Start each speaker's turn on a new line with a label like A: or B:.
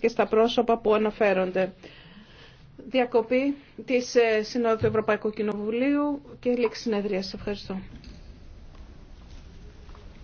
A: και στα πρόσωπα που αναφέρονται.
B: Διακοπή της ε, Συνόδου Ευρωπαϊκού Κοινοβουλίου και λήξη συνεδρίας. Ευχαριστώ.